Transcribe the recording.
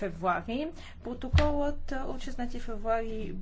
февруари. Протоколът от 16 февруари